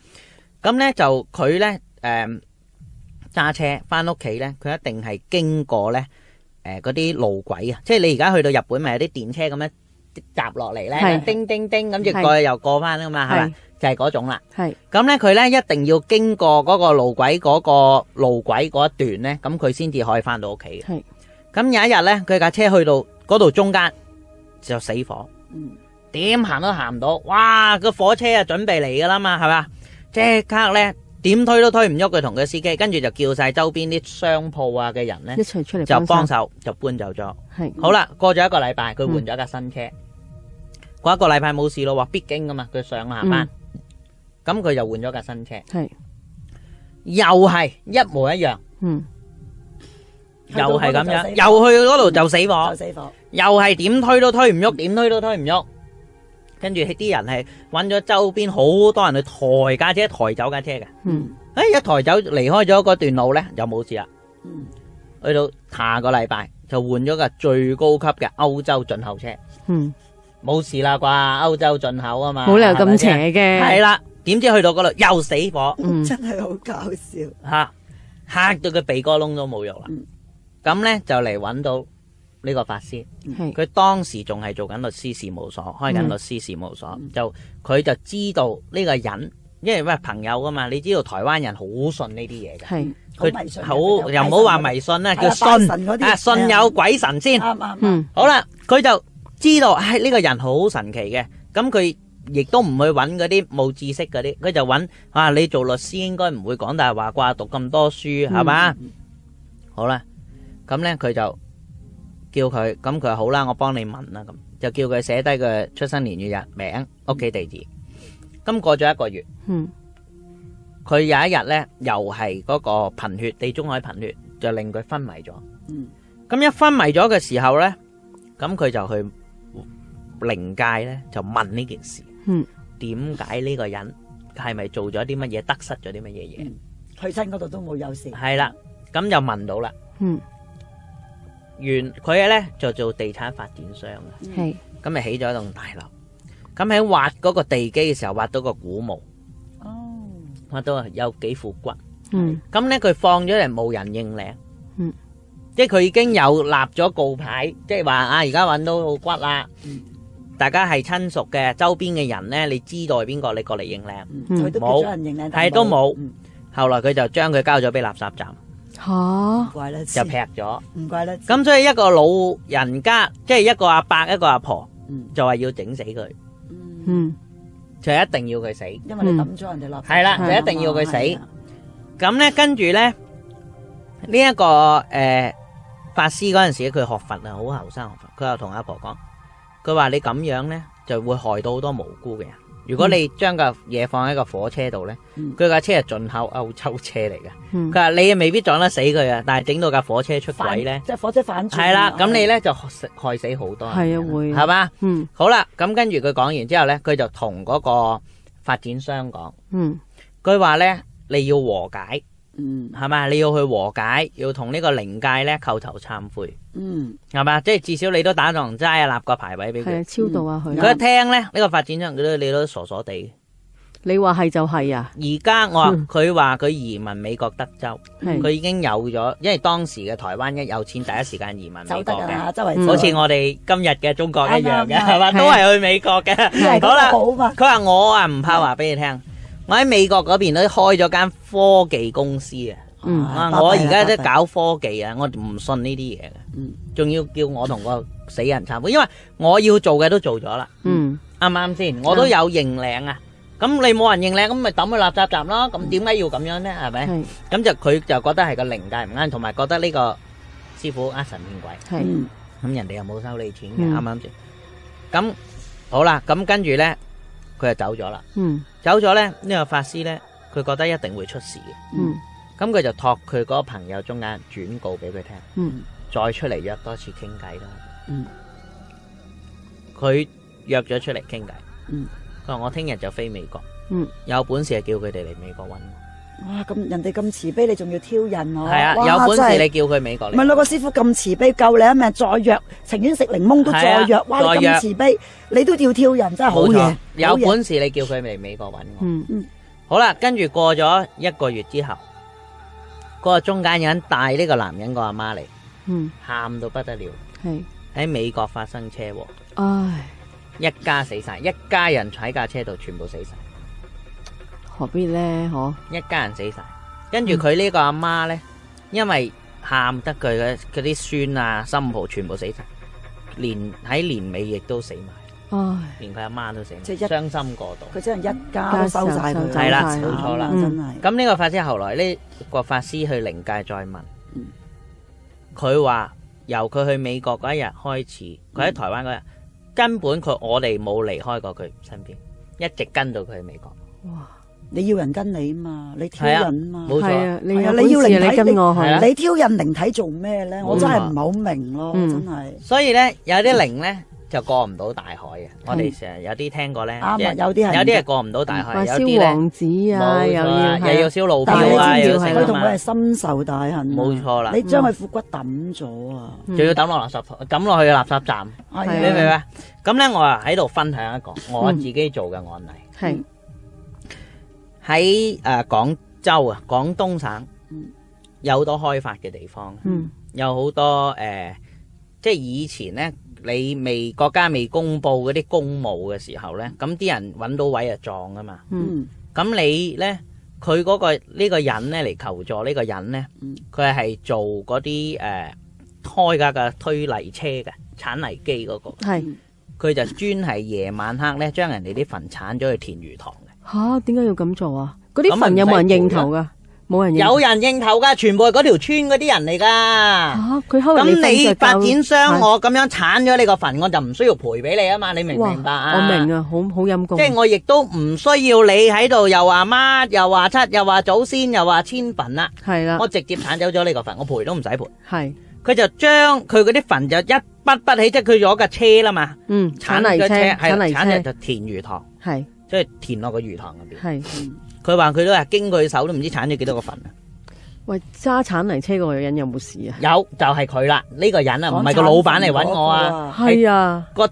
咁咧就佢咧誒揸車翻屋企咧，佢一定係經過咧誒嗰啲路軌啊，即係你而家去到日本咪有啲電車咁樣搭落嚟咧，叮叮叮咁，過去又過翻啊嘛，係嘛？就係嗰種啦。係咁咧，佢咧一定要經過嗰個路軌，嗰個路軌嗰一段咧，咁佢先至可以翻到屋企嘅。係咁有一日咧，佢架車去到嗰度中間。就死火，點行都行唔到，哇！個火車啊，準備嚟噶啦嘛，係嘛？即刻咧點推都推唔喐，佢同佢司機，跟住就叫晒周邊啲商鋪啊嘅人咧一齊出嚟，就幫手就搬走咗。係好啦，過咗一個禮拜，佢換咗架新車。過一個禮拜冇事咯，畢竟噶嘛，佢上下班，咁佢就換咗架新車。係又係一模一樣，嗯，又係咁樣，又去嗰度就死火，就死火。又係點推都推唔喐，點推都推唔喐。跟住啲人係揾咗周邊好多人去抬架車，抬走架車嘅。嗯，誒，一抬走離開咗嗰段路咧就冇事啦。嗯，去到下個禮拜就換咗個最高級嘅歐洲進口車。嗯，冇事啦啩？歐洲進口啊嘛。冇理由咁邪嘅。係啦，點知去到嗰度又死火。嗯，真係好搞笑。吓，嚇到個鼻哥窿都冇肉啦。咁咧就嚟揾到。呢個法師，佢當時仲係做緊律師事務所，開緊律師事務所，就佢就知道呢個人，因為咩朋友㗎嘛，你知道台灣人好信呢啲嘢嘅，佢好又唔好話迷信啦，叫信啊信有鬼神先，嗯，好啦，佢就知道唉，呢個人好神奇嘅，咁佢亦都唔會揾嗰啲冇知識嗰啲，佢就揾啊，你做律師應該唔會講大話卦讀咁多書係嘛？好啦，咁呢佢就。叫佢咁，佢話好啦，我幫你問啦咁，就叫佢寫低佢出生年月日、名、屋企地址。咁過咗一個月，嗯，佢有一日咧，又係嗰個貧血，地中海貧血，就令佢昏迷咗。嗯，咁一昏迷咗嘅時候咧，咁佢就去靈界咧，就問呢件事，嗯，點解呢個人係咪做咗啲乜嘢，得失咗啲乜嘢嘢，去親嗰度都冇有事。係啦，咁就問到啦，嗯。原佢咧就做地產發展商嘅，咁咪起咗一棟大樓，咁喺挖嗰個地基嘅時候挖到個古墓，挖到有幾副骨，咁咧佢放咗嚟冇人認領，即係佢已經有立咗告牌，即係話啊而家搵到個骨啦，大家係親屬嘅周邊嘅人咧，你知道邊個，你過嚟認領，佢都冇，係都冇，後來佢就將佢交咗俾垃圾站。吓，就劈咗，唔怪得。咁所以一個老人家，即係一個阿伯，一個阿婆，就話要整死佢，嗯，就一定要佢死，因為你抌咗人哋落，係啦，就一定要佢死。咁咧，跟住咧，呢一個誒法師嗰陣時咧，佢學佛啊，好後生學佛，佢又同阿婆講，佢話你咁樣咧，就會害到好多無辜嘅人。如果你將架嘢放喺個火車度咧，佢、嗯、架車係進口歐洲車嚟嘅，佢、嗯、話你未必撞得死佢啊，但係整到架火車出軌咧，即係火車反轉係啦，咁你咧就害死好多係啊，會係嘛，嗯，好啦，咁跟住佢講完之後咧，佢就同嗰個發展商講，佢話咧，你要和解。嗯，係嘛？你要去和解，要同呢個靈界咧叩頭懺悔。嗯，係嘛？即係至少你都打上齋立個牌位俾佢。係超度啊佢。佢一聽咧，呢、嗯這個發展商佢都你都傻傻地。你話係就係啊！而家我話佢話佢移民美國德州，佢、嗯、已經有咗，因為當時嘅台灣一有錢，第一時間移民美國嘅。周圍走好似我哋今日嘅中國一樣嘅，係、嗯、嘛？都係去美國嘅。好啦，佢話、那個、我啊唔怕話俾你聽。我喺美國嗰邊都開咗間科技公司啊！嗯，我而家都搞科技啊！我唔信呢啲嘢嘅。嗯，仲要叫我同個死人懺悔，因為我要做嘅都做咗啦。嗯，啱唔啱先？我都有認領啊！咁你冇人認領，咁咪抌去垃圾站咯。咁點解要咁樣咧？係咪？係。咁就佢就覺得係個靈界唔啱，同埋覺得呢個師傅呃神騙鬼。係。咁人哋又冇收你錢嘅，啱唔啱先？咁好啦，咁跟住咧。佢就走咗啦，嗯，走咗呢，呢、呢個法師呢，佢覺得一定會出事嘅，嗯，咁佢就託佢嗰個朋友中間轉告俾佢聽，嗯，再出嚟約多次傾偈啦，嗯，佢約咗出嚟傾偈，嗯，佢話我聽日就飛美國，嗯，有本事就叫佢哋嚟美國揾我。哇！咁人哋咁慈悲，你仲要挑釁我？係啊，有本事你叫佢美國嚟。咪咯，那個師傅咁慈悲，救你一命，再約，情願食檸檬都再約，啊，哇！咁慈悲，你都要挑釁，真係好嘢。有本事你叫佢嚟美國搵我。嗯嗯。好啦，跟住過咗一個月之後，嗰、那個中間人帶呢個男人個阿媽嚟，嗯，喊到不得了。係喺美國發生車禍，唉，一家死晒，一家人喺架車度全部死晒。何必咧？嗬，一家人死晒，跟住佢呢個阿媽咧，因為喊得佢嘅佢啲孫啊、心抱全部死晒，連喺年尾亦都死埋，連佢阿媽都死埋，傷心過度，佢真係一家都收晒佢，係啦，冇錯啦，真係。咁呢個法師後來呢個法師去靈界再問，佢話由佢去美國嗰一日開始，佢喺台灣嗰日根本佢我哋冇離開過佢身邊，一直跟到佢去美國。你要人跟你啊嘛，你挑釁啊嘛，係啊，係啊，你要靈體你挑釁靈體做咩咧？我真係唔係好明咯，真係。所以咧，有啲靈咧就過唔到大海嘅。我哋成日有啲聽過咧，有啲人有啲係過唔到大海，有啲咧又要燒黃紙啊，又要又要燒路標啊，佢同佢係深仇大恨，冇錯啦。你將佢腐骨抌咗啊，仲要抌落垃圾抌落去垃圾站，明唔明啊？咁咧，我啊喺度分享一個我自己做嘅案例。喺誒廣州啊，廣東省有好多開發嘅地方，嗯、有好多誒、呃，即係以前咧，你未國家未公布嗰啲公墓嘅時候咧，咁啲人揾到位就葬㗎嘛。咁、嗯、你咧，佢嗰、呢個呢、呢個人咧嚟求助呢個人咧，佢係做嗰啲誒開架嘅推泥車嘅鏟泥機嗰、嗰個，係佢就專係夜晚黑咧，將人哋啲墳鏟咗去填魚塘。吓，點解要咁做啊？啲墳有冇人認頭噶？冇人，有人認頭噶，全部係嗰條村嗰啲人嚟噶。咁你，你發展商我，我咁樣鏟咗你個墳，我就唔需要賠俾你啊嘛？你明唔明白啊？我明啊，好好陰功。即係我亦都唔需要你喺度又話乜，又話七，又話祖先，又話遷墳啦。係啦，我直接鏟走咗你個墳，我賠都唔使賠。係，佢就將佢嗰啲墳就一筆筆起，即係佢咗架車啦嘛。嗯，鏟泥車，鏟泥就填魚塘。係。即係填落個魚塘嗰邊，係，佢話佢都係經佢手都唔知鏟咗幾多少個墳。啊！喂，揸鏟泥車嗰個人有冇事啊？有就係佢啦，呢、這個人啊唔係個老闆嚟搵我啊，係啊個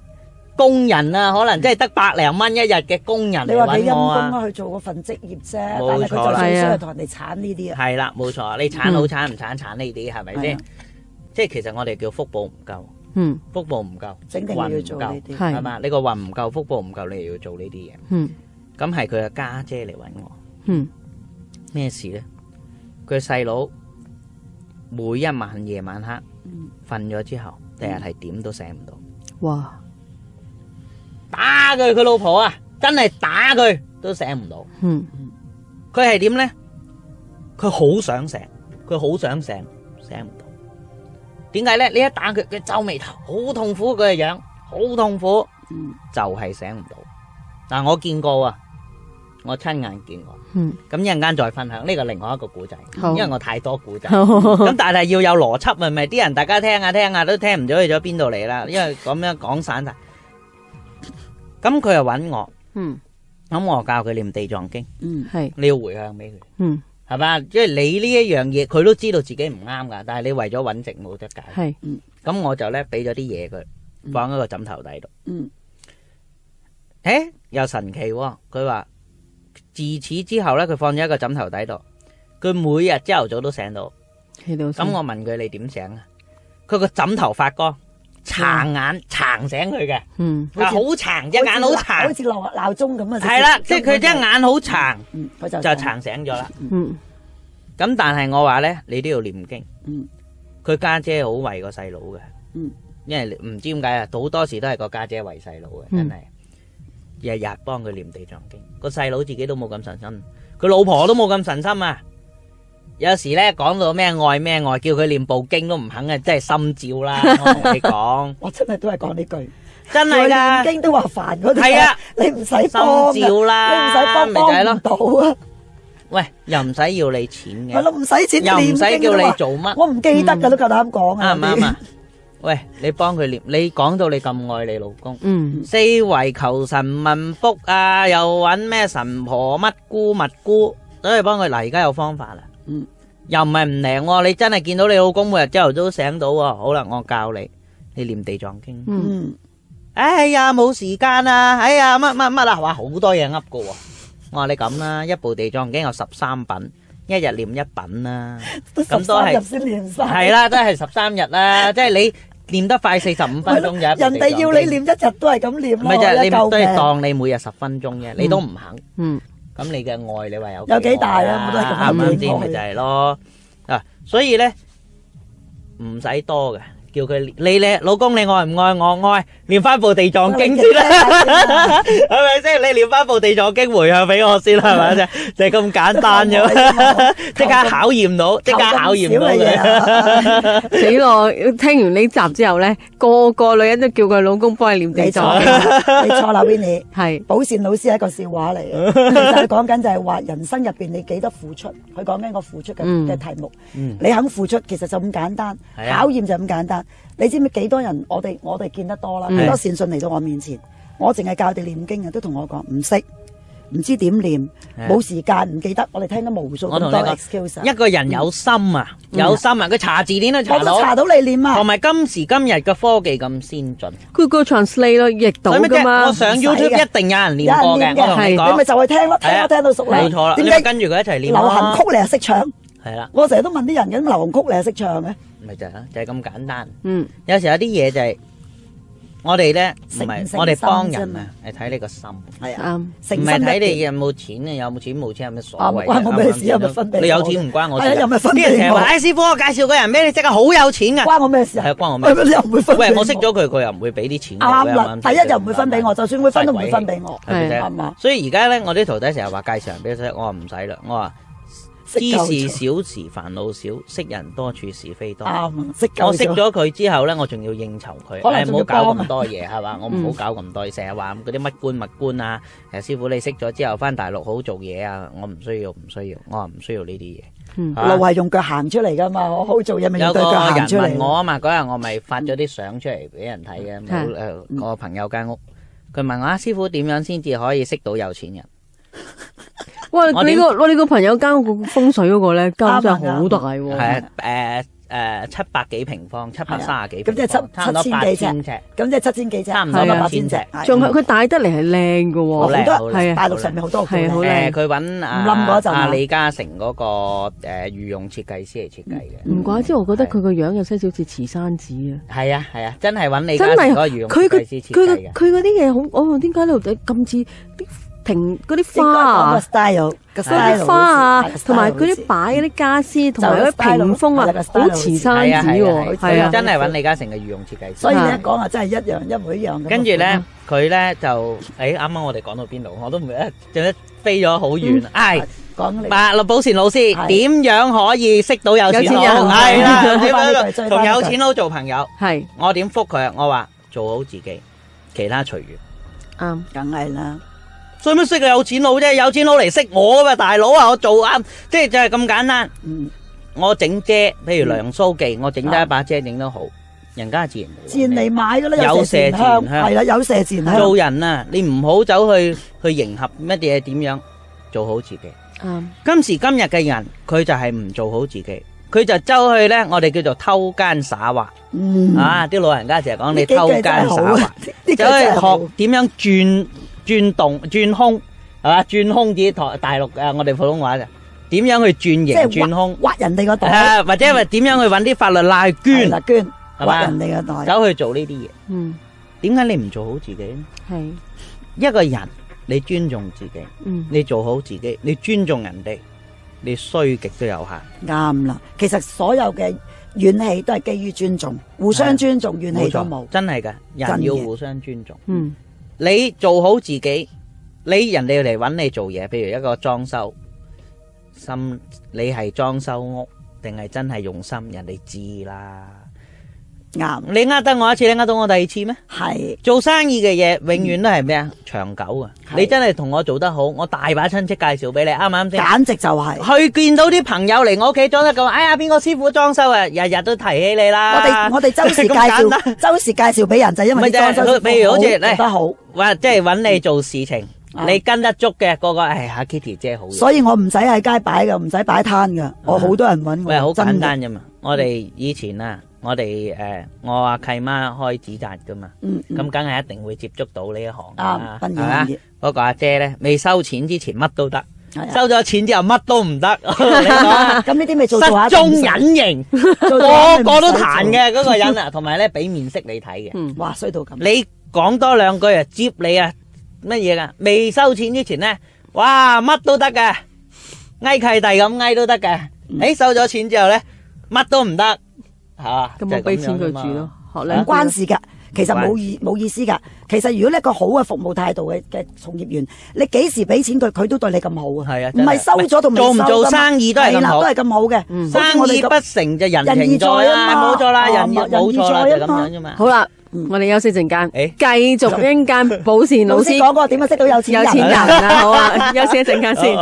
工人啊，可能即係得百零蚊一日嘅工人，啊、你嚟搵我啊，去做個份職業啫，冇錯啦，係啊，同人哋鏟呢啲啊，係啦，冇錯，你鏟好鏟唔鏟鏟呢啲係咪先？即係其實我哋叫福報唔夠。嗯，福報唔夠，運唔夠，係嘛？你個運唔夠，福報唔夠，你又要做呢啲嘢。嗯，咁係佢嘅家姐嚟搵我。嗯，咩事咧？佢細佬每一晚夜晚黑瞓咗之後，第日係點都醒唔到。哇！打佢佢老婆啊，真係打佢都醒唔到。嗯，佢係點咧？佢好想醒，佢好想醒，醒唔到。點解咧？你一打佢，佢皺眉頭，好痛苦，佢嘅樣好痛苦，就係醒唔到。嗱，我見過啊，我親眼見過。嗯，咁一陣間再分享呢個另外一個古仔，因為我太多古仔。咁但係要有邏輯，係咪？啲人大家聽下聽下都聽唔到去咗邊度嚟，啦，因為咁樣講散晒。咁佢又揾我，嗯，咁我教佢念地藏經，嗯，係，你要回向俾佢，嗯。係嘛？即係你呢一樣嘢，佢都知道自己唔啱噶，但係你為咗揾食冇得解。係，咁我就咧俾咗啲嘢佢，放喺個枕頭底度。嗯，誒，又神奇。佢話自此之後咧，佢放咗一個枕頭底度，佢每日朝頭早都醒到。咁我問佢，你點醒啊？佢個枕頭發光。殘眼殘醒佢嘅，佢好殘隻眼好殘，好似鬧鬧鐘咁啊！係啦，即係佢隻眼好殘，嗯，就就殘醒咗啦。咁，嗯，但係我話咧，你都要念經。佢，嗯，家姐好為個細佬嘅，因為唔知點解啊，好多時都係個家姐，姐為細佬嘅，真係日日幫佢念地藏經。個細佬自己都冇咁神心，佢老婆都冇咁神心啊！有時咧講到咩愛咩愛，叫佢念《部經》都唔肯嘅，真係心照啦。我同你講，我真係都係講呢句，真係啦。經都話煩嗰啲嘢，你唔使幫嘅。心照啦，你唔使幫，幫唔到啊。喂，又唔使要你錢嘅，咪咯，唔使錢，又唔使叫你做乜，我唔記得噶都夠膽講啊。啱唔啱啊？喂，你幫佢念，你講到你咁愛你老公，嗯，四圍求神問卜啊，又搵咩神婆乜姑乜姑，所以幫佢嗱，而家有方法啦。嗯，又唔係唔靈，你真係見到你老公每日朝頭早醒到啊！好啦，我教你，你念地藏經。嗯，哎呀，冇時間啊！哎呀，乜乜乜啊？話好多嘢，噏過，我話你咁啦，一部地藏經有十三品，一日念一品啦。咁都係先念晒。係啦，都係十三日啦，即係你念得快四十五分鐘啫。人哋要你念一日都係咁念咯，唔係即係當你每日十分鐘啫，你都唔肯。嗯。咁你嘅愛，你話有幾、啊、大啊？我都係咁樣咪就係咯、啊，所以咧，唔使多嘅。叫佢，你，你老公你愛唔愛？愛、啊、 愛我？愛，念翻部《地藏經》先啦，係咪先？你念翻部《地藏經》回向俾我先啦，係咪先？就咁簡單啫，即刻考驗到，即刻考驗到你。啊、 死咯！聽完呢集之後咧，個個女人都叫佢老公幫佢念地藏。你錯啦 Vinny 錯係了。寶 善老師係一個笑話嚟， 其實就係講緊就係話人生入邊你幾多付出，佢講緊個付出嘅嘅題目、嗯嗯，你肯付出，其實就咁簡單，啊、考驗就咁簡單。你知唔知幾多人？我哋我哋見得多啦，好多善信嚟到我面前，我淨係教佢哋念經嘅，都同我講唔識，唔知點念，冇時間，唔記得。我哋聽得無數咁多。我同你講，一個人有心啊，有心啊，佢查字典都查到。我都查到你念啊。同埋今時今日嘅科技咁先進，Google Translate 咯，譯到噶嘛。我上 YouTube，一定有人念過嘅，係你咪就係聽咯，聽我聽到熟啦，冇錯啦。點解你跟住佢一齊念。流行曲你又識唱？係啦。我成日都問啲人嘅，流行曲你又識唱嘅？咪就係就係咁簡單。嗯，有時候有啲嘢就係我哋咧，唔係我哋幫人啊，係睇你個心。係啊，唔係睇你有冇錢啊，有冇錢冇錢有咩所謂？關我咩事有咪分俾你？你有錢唔關我事有咩分俾你？啲人成日話，哎，師傅，我介紹個人俾你識啊，好有錢啊！關我咩事啊？係關我咩事啊？你又唔會分俾我。喂，我識咗佢，佢又唔會俾啲錢。啱啦，第一就唔會分俾我，就算會分都唔會分俾我，係咪？所以而家咧，我啲徒弟成日話介紹俾你識，我話唔使啦，我話。知事少時煩惱少，識人多處是非多。嗯、識了我識咗佢之後呢，我仲要應酬佢，誒，唔、哎、好搞咁多嘢係嘛，我唔好搞咁多嘢，成日話嗰啲乜官乜官啊。誒，師傅，你識咗之後翻大陸好做嘢啊？我唔需要，唔需要，我話唔需要呢啲嘢。我、嗯、係用腳行出嚟噶嘛，我好做嘢咪用對腳行出嚟。有個人問我、嗯、我人看啊嘛，嗰日我咪發咗啲相出嚟俾人睇嘅，我朋友間屋，佢問我啊，師傅，點樣先至可以識到有錢人？ 喂，你個我你個朋友間屋個風水嗰個咧，交真好大喎，哦。係啊，誒、呃、誒，七百幾平方，七百三十幾，咁即係七差唔多八咁即係七千幾尺，差唔多八千尺。仲係佢帶得嚟係靚噶喎，好多、啊、大陸上面好多。啊、好靚，佢搵阿阿李嘉誠嗰、那個誒御用設計師嚟設計嘅。唔、嗯、怪之，我覺得佢個樣有少少似慈山寺啊。係啊係啊，啊，啊，啊，真係搵李嘉佢佢佢嗰啲嘢好，我點解呢度咁似。屏嗰啲花啊，嗰啲花啊，同埋嗰啲擺嗰啲家私，同埋嗰啲屏風啊，好瓷山子喎，真係揾李嘉誠嘅御用設計師。所以你一講啊，真係一樣一模一樣。跟住咧，佢咧就誒，啱啱我哋講到邊度？我都唔記得，飛咗好遠啊。係，嗱，陸寶善老師，點樣可以識到有錢人？係啦，同有錢佬做朋友。係，我點復佢啊？我話做好自己，其他隨緣。啱，梗係啦。所以咩識佢有錢佬啫？有錢佬嚟識我啊嘛，大佬啊，我做啱，即係就係咁簡單。我整遮，譬如梁蘇記，我整得一把遮整得好，人家自然自然嚟買噶啦。有射箭，係啦，有射箭。做人啊，你唔好走去去迎合乜嘢點樣，做好自己。啊，今時今日嘅人，佢就係唔做好自己，佢就周去咧，我哋叫做偷奸耍滑。啊，啲老人家成日講你偷奸耍滑，走去學點樣轉。轉動轉空，係嘛？轉空指台大陸嘅我哋普通話咋？點樣去轉型？即轉空，挖人哋個袋、啊、或者係點樣去搵啲法律拉捐？拉、嗯、捐，係嘛？人哋個袋。走去做呢啲嘢。嗯。點解你唔做好自己？係。一個人，你尊重自己，嗯，你做好自己，你尊重人哋，你衰極都有限。啱啦，其實所有嘅怨氣都係基於尊重，互相尊重，尊重怨氣都冇。真係㗎，人要互相尊重。嗯。你做好自己，你人哋要嚟搵你做嘢，譬如一個裝修，心你係裝修屋定係真係用心，人哋知啦。你呃得我一次，你呃到我第二次咩？係做生意嘅嘢，永遠都係咩啊？長久啊！你真係同我做得好，我大把親戚介紹俾你，啱唔啱先？簡直就係去見到啲朋友嚟我屋企裝得咁，哎呀邊個師傅裝修啊，日日都提起你啦！我哋我哋周時介紹，周時介紹俾人就係因為裝修做得好，或者即係搵你做事情，你跟得足嘅個個哎呀 Kitty 姐好，所以我唔使喺街擺㗎，唔使擺攤㗎，我好多人搵我。喂好簡單啫嘛，我哋以前啊。我哋誒，我阿契媽開紙紮噶嘛，咁梗係一定會接觸到呢一行啦，係嘛？嗰個阿姐咧，未收錢之前乜都得，收咗錢之後乜都唔得。咁呢啲咪做下隱形，個個都彈嘅嗰個人啊，同埋咧俾面色你睇嘅。哇，衰到咁！你講多兩句啊，接你啊，乜嘢噶？未收錢之前咧，哇乜都得噶，挨契弟咁挨都得噶。誒收咗錢之後咧，乜都唔得。嚇，咁我俾錢佢住咯，唔關事噶，其實冇意冇意思噶。其實如果呢個好嘅服務態度嘅嘅從業員，你幾時俾錢佢，佢都對你咁好啊。係啊，唔係收咗同未收咁啊。做唔做生意都係咁好，都係咁好嘅。生意不成就人情在啦，冇錯啦，人情在啊嘛。好啦，我哋休息陣間，繼續一間寶善老師講過點樣識到有錢人啊？好啊，休息一陣間先。